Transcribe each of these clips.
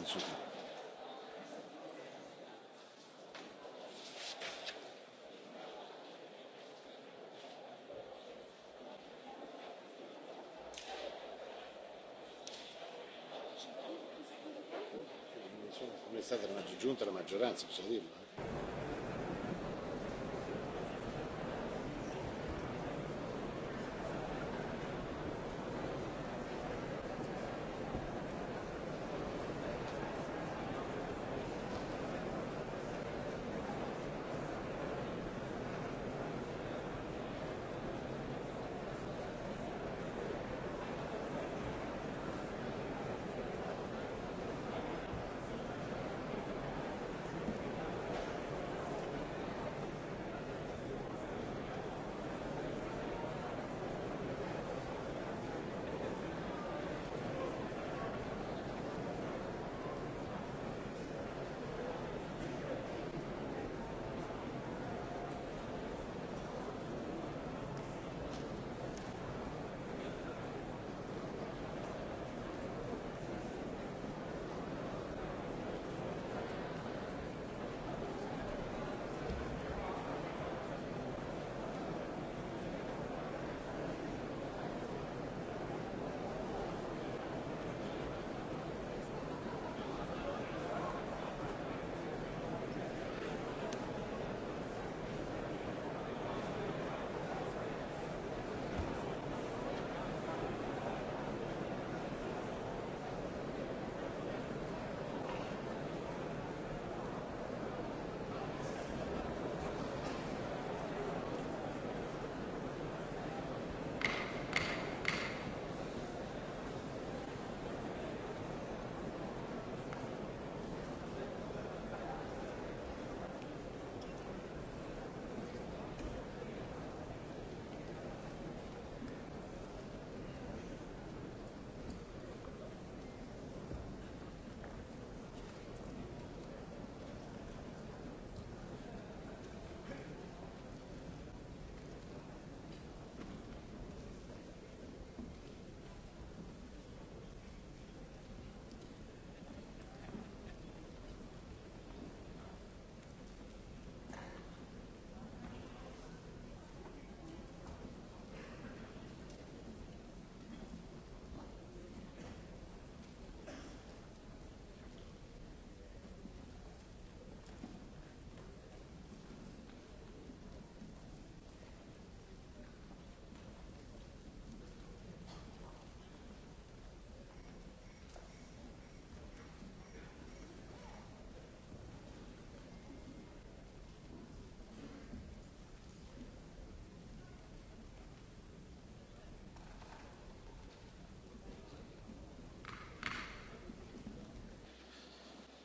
господин Сузна. come è stata la maggioranza bisogna dirlo.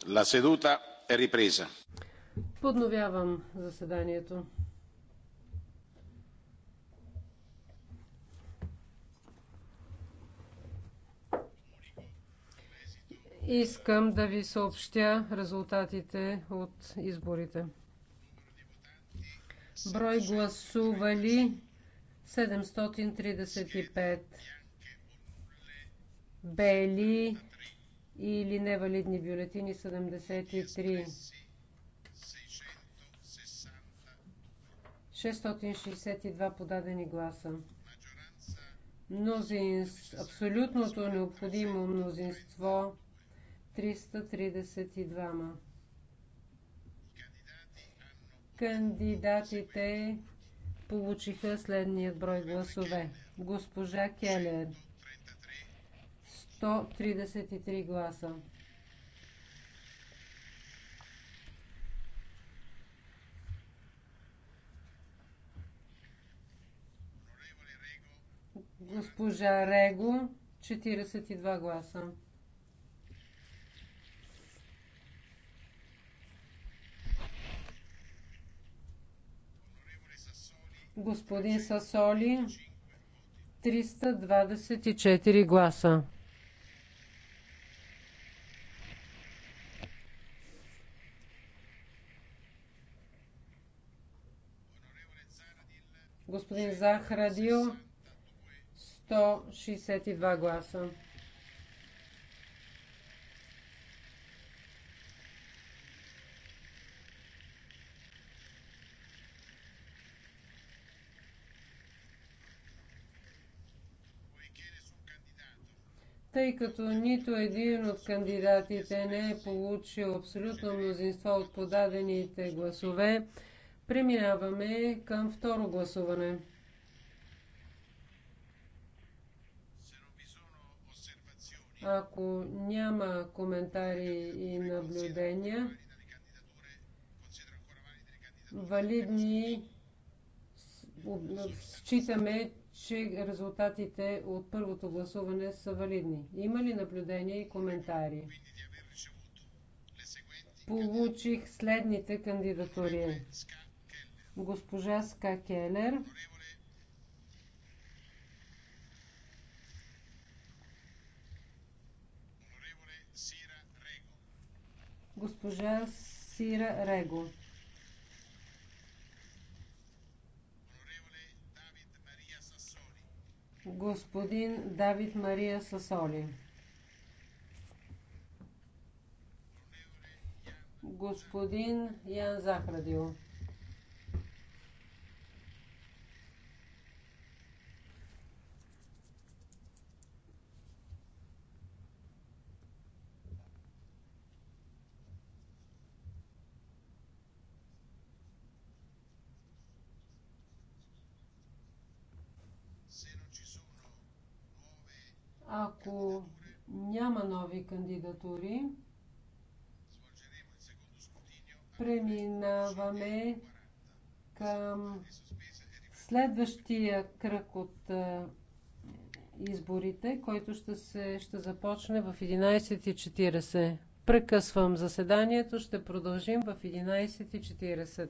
La seduta е ripresa. Подновявам заседанието. Искам да ви съобщя резултатите от изборите. Брой гласували 735. Бели или невалидни бюлетини 73. 662 подадени гласа. Мнозинство, абсолютното необходимо мнозинство 332. Кандидатите получиха следният брой гласове. Госпожа Келер 133 гласа. Госпожа Рего, 42 гласа. Господин Сасоли, 324 гласа. Господин Захрадил 162 гласа. тъй като нито един от кандидатите не е получил абсолютно мнозинство от подадените гласове, Преминаваме към второ гласуване. Ако няма коментари и наблюдения, валидни считаме, че резултатите от първото гласуване са валидни. Има ли наблюдения и коментари? Получих следните кандидатури госпожа Ска Келер. Госпожа Сира Рего. Господин Давид Мария Сасоли. Господин Ян Захрадил. Няма нови кандидатури. Преминаваме към следващия кръг от изборите, който ще, се, ще започне в 11.40. Прекъсвам заседанието, ще продължим в 11.40.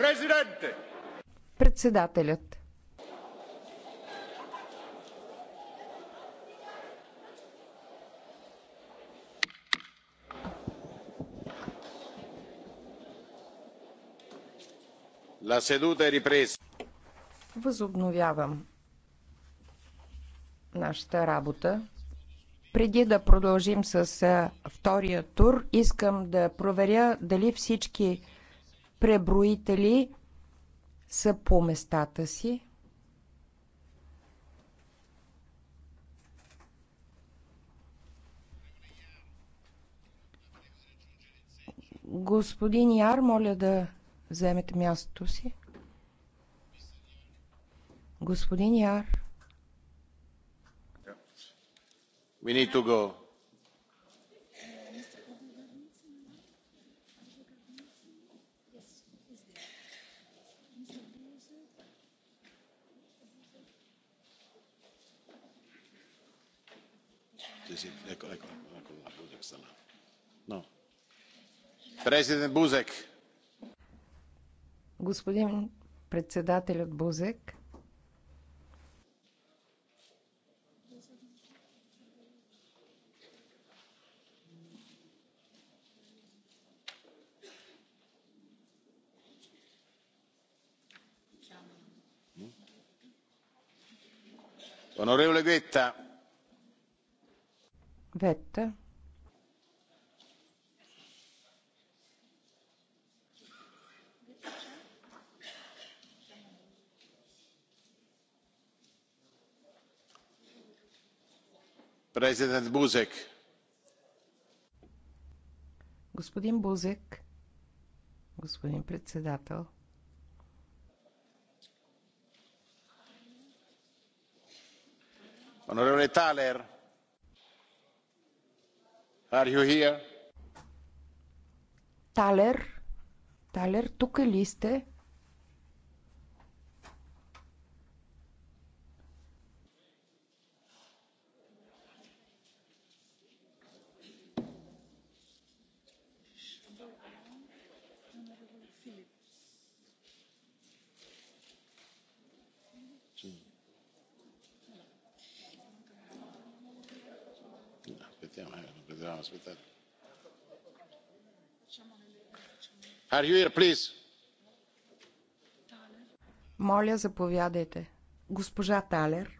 Президенте! Председателят. La seduta е ripresa. Възобновявам нашата работа. Преди да продължим с втория тур, искам да проверя дали всички преброители са по местата си. Господин Яр, моля да вземете мястото си. Господин Яр. We need to go. Президент Бузек. Господин председателят Бузек. onorevole guetta vette. Президент Бузек. Господин Бузек, господин председател. Onorevole Thaler. Are you here? Талер, Талер, тук ли сте? Моля, заповядайте. Госпожа Талер.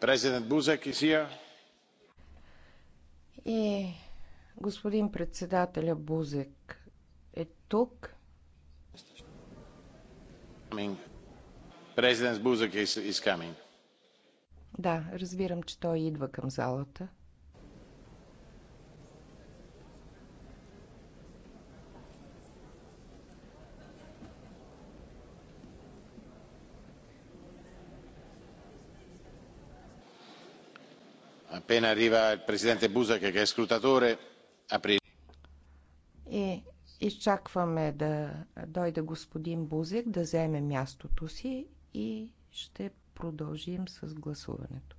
Президент Бузек is here. И господин председателя Бузек е тук. Президент Buzek е Да, разбирам, че той идва към залата. appena arriva il presidente Buzek, che è scrutatore, aprire. И изчакваме да дойде господин Бузек да вземе мястото си и ще продължим с гласуването.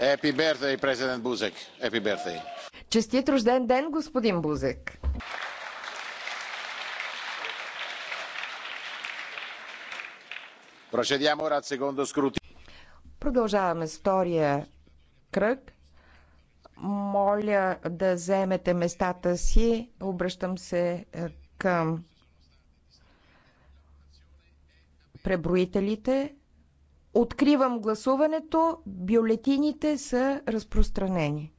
Happy birthday, президент Бузек. Happy birthday. Честит рожден ден, господин Бузек. Procediamo рад al скрути. Продължаваме втория кръг. Моля да вземете местата си. Обръщам се е, към преброителите. Откривам гласуването. Бюлетините са разпространени.